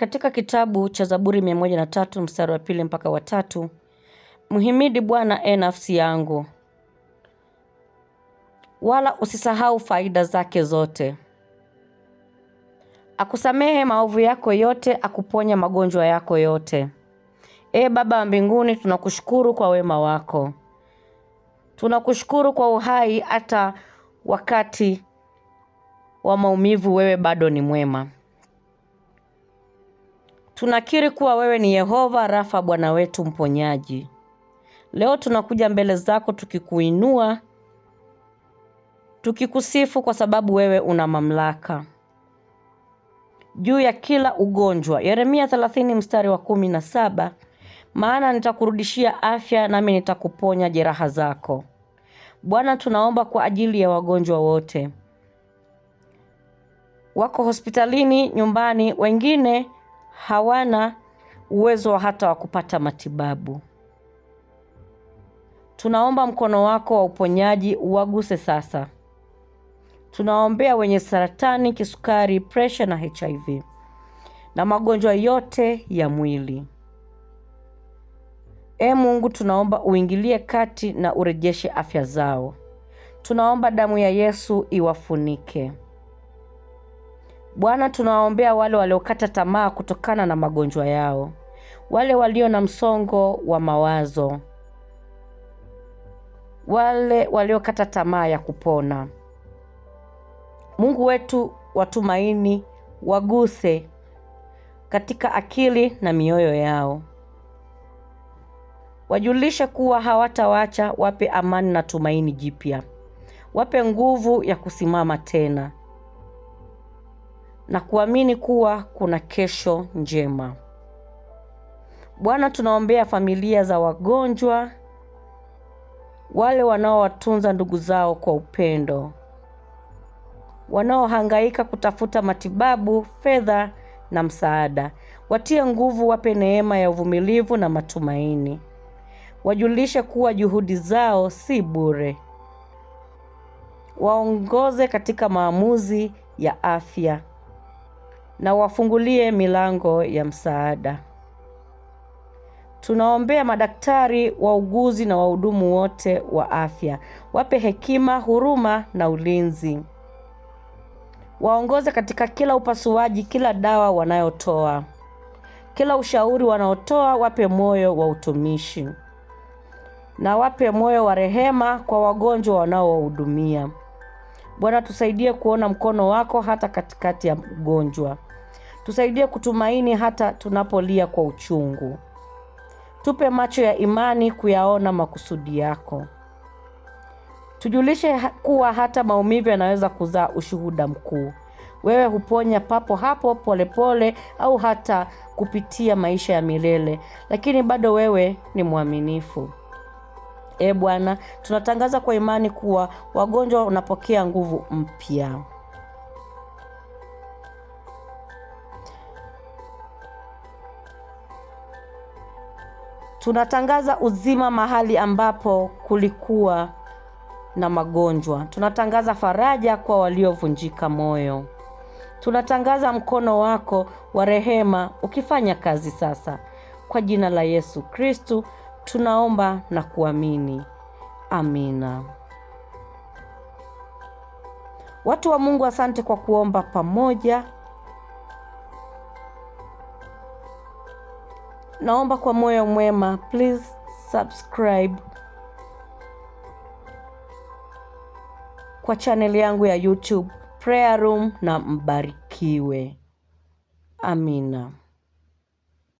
Katika kitabu cha Zaburi mia moja na tatu mstari wa pili mpaka wa tatu mhimidi Bwana e nafsi yangu, wala usisahau faida zake zote. Akusamehe maovu yako yote, akuponya magonjwa yako yote. E Baba wa mbinguni, tunakushukuru kwa wema wako, tunakushukuru kwa uhai. Hata wakati wa maumivu, wewe bado ni mwema. Tunakiri kuwa wewe ni Yehova Rafa, Bwana wetu mponyaji. Leo tunakuja mbele zako tukikuinua, tukikusifu kwa sababu wewe una mamlaka juu ya kila ugonjwa. Yeremia 30 mstari wa 17, maana nitakurudishia afya nami nitakuponya jeraha zako. Bwana, tunaomba kwa ajili ya wagonjwa wote wako hospitalini, nyumbani, wengine hawana uwezo hata wa kupata matibabu. Tunaomba mkono wako wa uponyaji uwaguse sasa. Tunawaombea wenye saratani, kisukari, presha na HIV na magonjwa yote ya mwili. e Mungu, tunaomba uingilie kati na urejeshe afya zao. Tunaomba damu ya Yesu iwafunike. Bwana, tunawaombea wale waliokata tamaa kutokana na magonjwa yao, wale walio na msongo wa mawazo, wale waliokata tamaa ya kupona. Mungu wetu wa tumaini, waguse katika akili na mioyo yao, wajulishe kuwa hawatawacha Wape amani na tumaini jipya, wape nguvu ya kusimama tena na kuamini kuwa kuna kesho njema. Bwana, tunaombea familia za wagonjwa, wale wanaowatunza ndugu zao kwa upendo, wanaohangaika kutafuta matibabu, fedha na msaada. Watie nguvu, wape neema ya uvumilivu na matumaini. Wajulishe kuwa juhudi zao si bure. Waongoze katika maamuzi ya afya na wafungulie milango ya msaada. Tunaombea madaktari, wauguzi na wahudumu wote wa afya. Wape hekima, huruma na ulinzi. Waongoze katika kila upasuaji, kila dawa wanayotoa, kila ushauri wanaotoa. Wape moyo wa utumishi na wape moyo wa rehema kwa wagonjwa wanaowahudumia. Bwana, tusaidie kuona mkono wako hata katikati ya mgonjwa tusaidie kutumaini hata tunapolia kwa uchungu. Tupe macho ya imani kuyaona makusudi yako. Tujulishe kuwa hata maumivu yanaweza kuzaa ushuhuda mkuu. Wewe huponya papo hapo, polepole pole, au hata kupitia maisha ya milele, lakini bado wewe ni mwaminifu. E Bwana, tunatangaza kwa imani kuwa wagonjwa unapokea nguvu mpya. Tunatangaza uzima mahali ambapo kulikuwa na magonjwa. Tunatangaza faraja kwa waliovunjika moyo. Tunatangaza mkono wako wa rehema ukifanya kazi sasa. Kwa jina la Yesu Kristu tunaomba na kuamini, amina. Watu wa Mungu, asante kwa kuomba pamoja. naomba kwa moyo mwema, please subscribe kwa chaneli yangu ya YouTube Prayer Room na mbarikiwe. Amina.